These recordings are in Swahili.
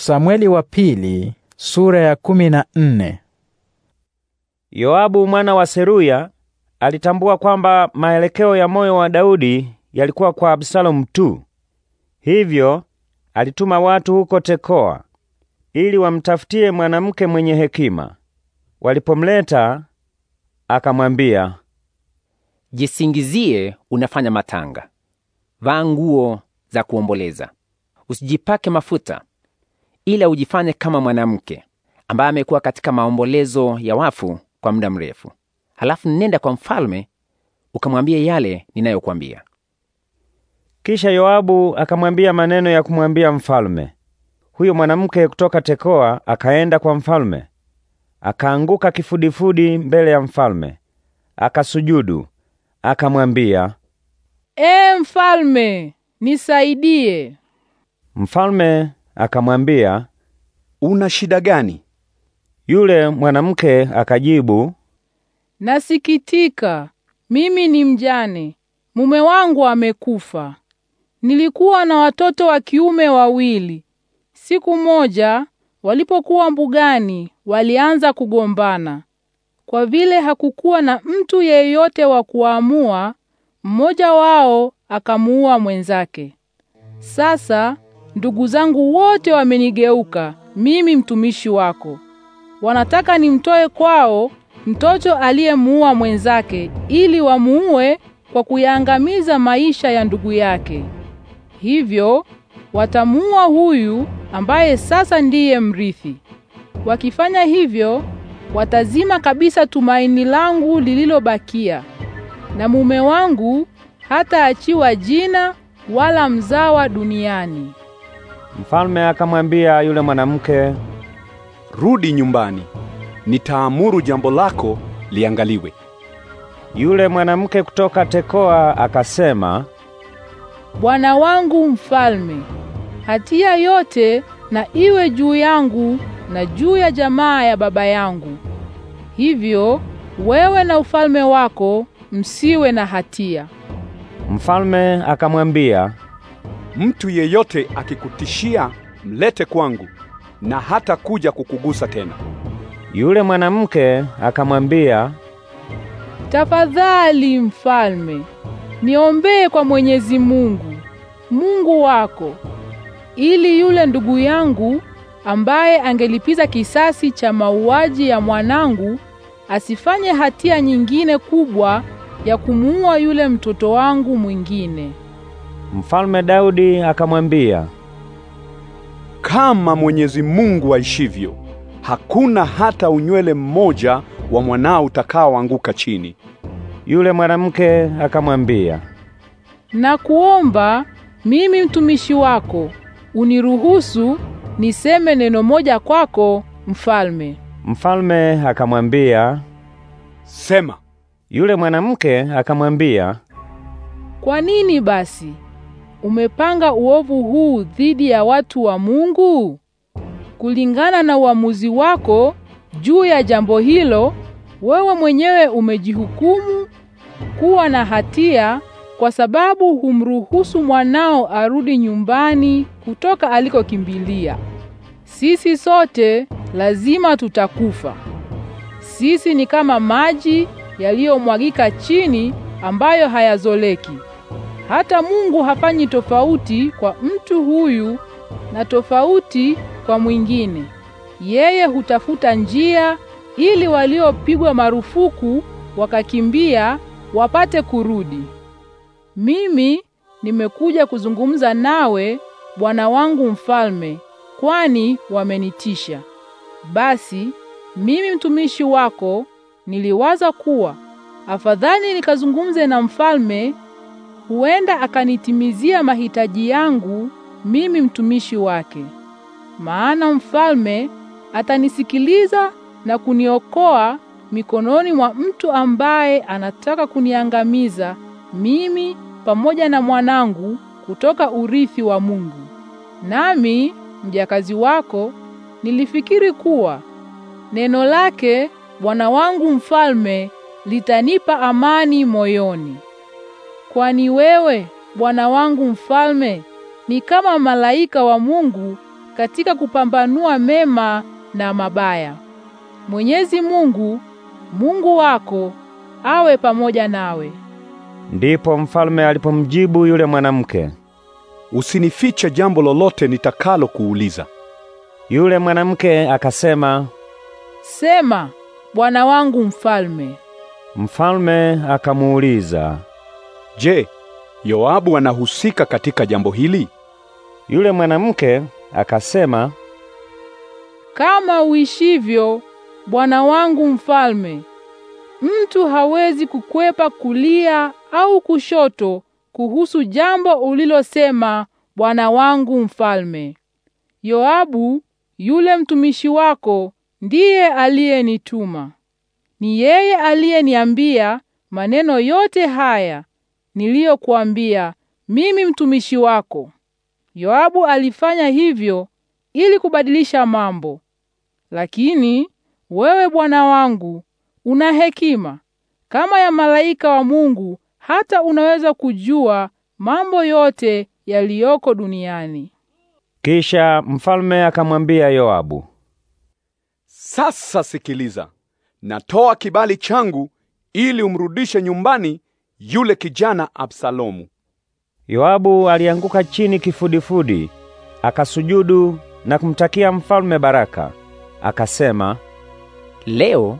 Samweli wa pili sura ya kumi na nne. Yoabu mwana wa Seruya alitambua kwamba maelekeo ya moyo wa Daudi yalikuwa kwa Absalomu tu. Hivyo alituma watu huko Tekoa ili wamtafutie mwanamke mwenye hekima. Walipomleta akamwambia, jisingizie unafanya matanga, vaa nguo za kuomboleza, usijipake mafuta ila ujifanye kama mwanamke ambaye amekuwa katika maombolezo ya wafu kwa muda mrefu. Halafu nenda kwa mfalme ukamwambie yale ninayokuambia. Kisha Yoabu akamwambia maneno ya kumwambia mfalme. Huyo mwanamke kutoka Tekoa akaenda kwa mfalme, akaanguka kifudifudi mbele ya mfalme, akasujudu, akamwambia, E mfalme, nisaidie. Mfalme akamwambia, una shida gani? Yule mwanamke akajibu, nasikitika, mimi ni mjane, mume wangu amekufa. Nilikuwa na watoto wa kiume wawili. Siku moja walipokuwa mbugani, walianza kugombana. Kwa vile hakukuwa na mtu yeyote wa kuamua, mmoja wao akamuua mwenzake. Sasa Ndugu zangu wote wamenigeuka mimi mtumishi wako, wanataka nimtoe kwao mtoto aliyemuua mwenzake, ili wamuue kwa kuyaangamiza maisha ya ndugu yake. Hivyo watamuua huyu ambaye sasa ndiye mrithi. Wakifanya hivyo, watazima kabisa tumaini langu lililobakia, na mume wangu hataachiwa jina wala mzawa duniani. Mfalme akamwambia yule mwanamke, rudi nyumbani, nitaamuru jambo lako liangaliwe. Yule mwanamke kutoka Tekoa akasema, bwana wangu mfalme, hatia yote na iwe juu yangu na juu ya jamaa ya baba yangu. Hivyo wewe na ufalme wako msiwe na hatia. Mfalme akamwambia Mtu yeyote akikutishia, mlete kwangu, na hata kuja kukugusa tena. Yule mwanamke akamwambia, tafadhali mfalme, niombee kwa Mwenyezi Mungu, Mungu wako, ili yule ndugu yangu ambaye angelipiza kisasi cha mauaji ya mwanangu asifanye hatia nyingine kubwa ya kumuua yule mtoto wangu mwingine. Mfalme Daudi akamwambia, kama Mwenyezi Mungu aishivyo, hakuna hata unywele mmoja wa mwanao utakaoanguka chini. Yule mwanamke akamwambia, nakuomba mimi mtumishi wako uniruhusu niseme neno moja kwako mfalme. Mfalme akamwambia, sema. Yule mwanamke akamwambia, kwa nini basi umepanga uovu huu dhidi ya watu wa Mungu? Kulingana na uamuzi wako juu ya jambo hilo, wewe mwenyewe umejihukumu kuwa na hatia kwa sababu humruhusu mwanao arudi nyumbani kutoka alikokimbilia. Sisi sote lazima tutakufa. Sisi ni kama maji yaliyomwagika chini ambayo hayazoleki. Hata Mungu hafanyi tofauti kwa mtu huyu na tofauti kwa mwingine. Yeye hutafuta njia ili waliopigwa marufuku wakakimbia wapate kurudi. Mimi nimekuja kuzungumza nawe bwana wangu mfalme, kwani wamenitisha. Basi mimi mtumishi wako niliwaza kuwa afadhali nikazungumze na mfalme huenda akanitimizia mahitaji yangu mimi mtumishi wake. Maana mfalme atanisikiliza na kuniokoa mikononi mwa mtu ambaye anataka kuniangamiza mimi pamoja na mwanangu kutoka urithi wa Mungu. Nami mjakazi wako nilifikiri kuwa neno lake bwana wangu mfalme litanipa amani moyoni. Kwani wewe bwana wangu mfalme ni kama malaika wa Mungu katika kupambanua mema na mabaya. Mwenyezi Mungu, Mungu wako awe pamoja nawe. Ndipo mfalme alipomjibu yule mwanamke, usinifiche jambo lolote nitakalo kuuliza. Yule mwanamke akasema, sema bwana wangu mfalme. Mfalme akamuuliza, Je, Yoabu anahusika katika jambo hili? Yule mwanamke akasema, kama uishivyo bwana wangu mfalme, mtu hawezi kukwepa kulia au kushoto kuhusu jambo ulilosema bwana wangu mfalme. Yoabu yule mtumishi wako ndiye aliyenituma. Ni yeye aliyeniambia maneno yote haya niliyokuambia, mimi mtumishi wako. Yoabu alifanya hivyo ili kubadilisha mambo, lakini wewe bwana wangu una hekima kama ya malaika wa Mungu, hata unaweza kujua mambo yote yaliyoko duniani. Kisha mfalme akamwambia Yoabu, sasa sikiliza, natoa kibali changu ili umrudishe nyumbani yule kijana Absalomu. Yoabu alianguka chini kifudifudi, akasujudu na kumtakia mfalme baraka, akasema, leo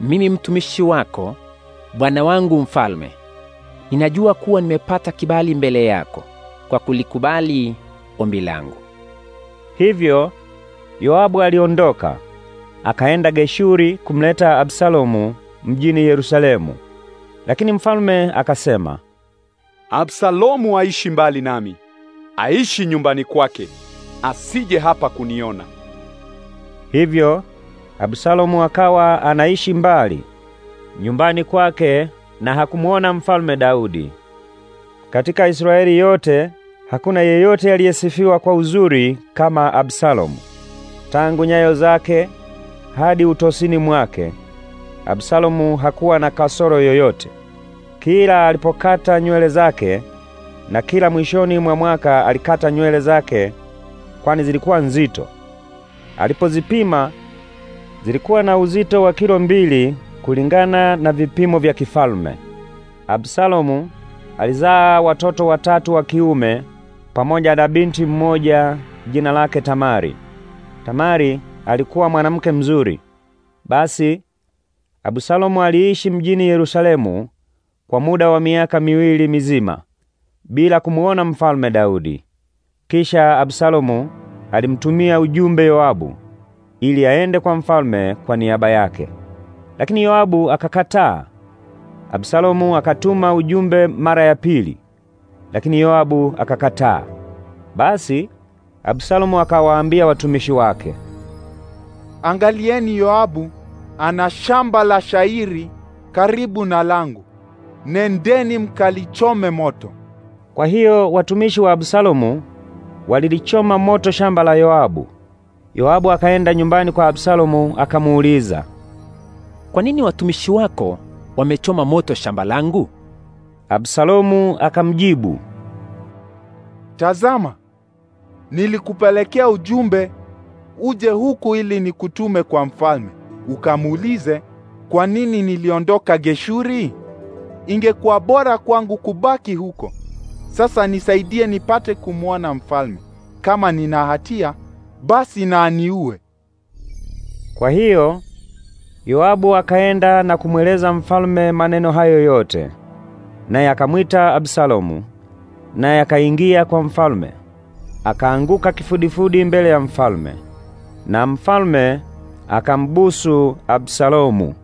mimi mtumishi wako bwana wangu mfalme, ninajua kuwa nimepata kibali mbele yako kwa kulikubali ombi langu. Hivyo Yoabu aliondoka akaenda Geshuri kumleta Absalomu mjini Yerusalemu. Lakini mfalme akasema, Absalomu aishi mbali nami, aishi nyumbani kwake, asije hapa kuniona. Hivyo Absalomu akawa anaishi mbali nyumbani kwake na hakumuona mfalme Daudi. Katika Israeli yote hakuna yeyote aliyesifiwa kwa uzuri kama Absalomu, tangu nyayo zake hadi utosini mwake. Absalomu hakuwa na kasoro yoyote. Kila alipokata nywele zake na kila mwishoni mwa mwaka alikata nywele zake, kwani zilikuwa nzito. Alipozipima zilikuwa na uzito wa kilo mbili kulingana na vipimo vya kifalme. Absalomu alizaa watoto watatu wa kiume pamoja na binti mmoja jina lake Tamari. Tamari alikuwa mwanamke mzuri. Basi Abusalomu aliishi mjini Yerusalemu kwa muda wa miaka miwili mizima bila kumuona mfalme Daudi. Kisha Absalomu alimtumia ujumbe Yoabu ili aende kwa mfalme kwa niaba yake, lakini Yoabu akakataa. Absalomu akatuma ujumbe mara ya pili, lakini Yoabu akakataa. Basi Absalomu akawaambia watumishi wake, angalieni Yoabu ana shamba la shairi karibu na langu, nendeni mkalichome moto. Kwa hiyo watumishi wa Absalomu walilichoma moto shamba la Yoabu. Yoabu akaenda nyumbani kwa Absalomu akamuuliza, kwa nini watumishi wako wamechoma moto shamba langu? Absalomu akamjibu, tazama, nilikupelekea ujumbe uje huku ili nikutume kwa mfalme ukamuulize, kwa nini niliondoka Geshuri? Ingekuwa bora kwangu kubaki huko. Sasa nisaidie nipate kumwona mfalme. Kama nina hatia, basi na aniue. Kwa hiyo Yoabu akaenda na kumweleza mfalme maneno hayo yote, naye akamwita Absalomu, naye akaingia kwa mfalme, akaanguka kifudifudi mbele ya mfalme, na mfalme akambusu Absalomu.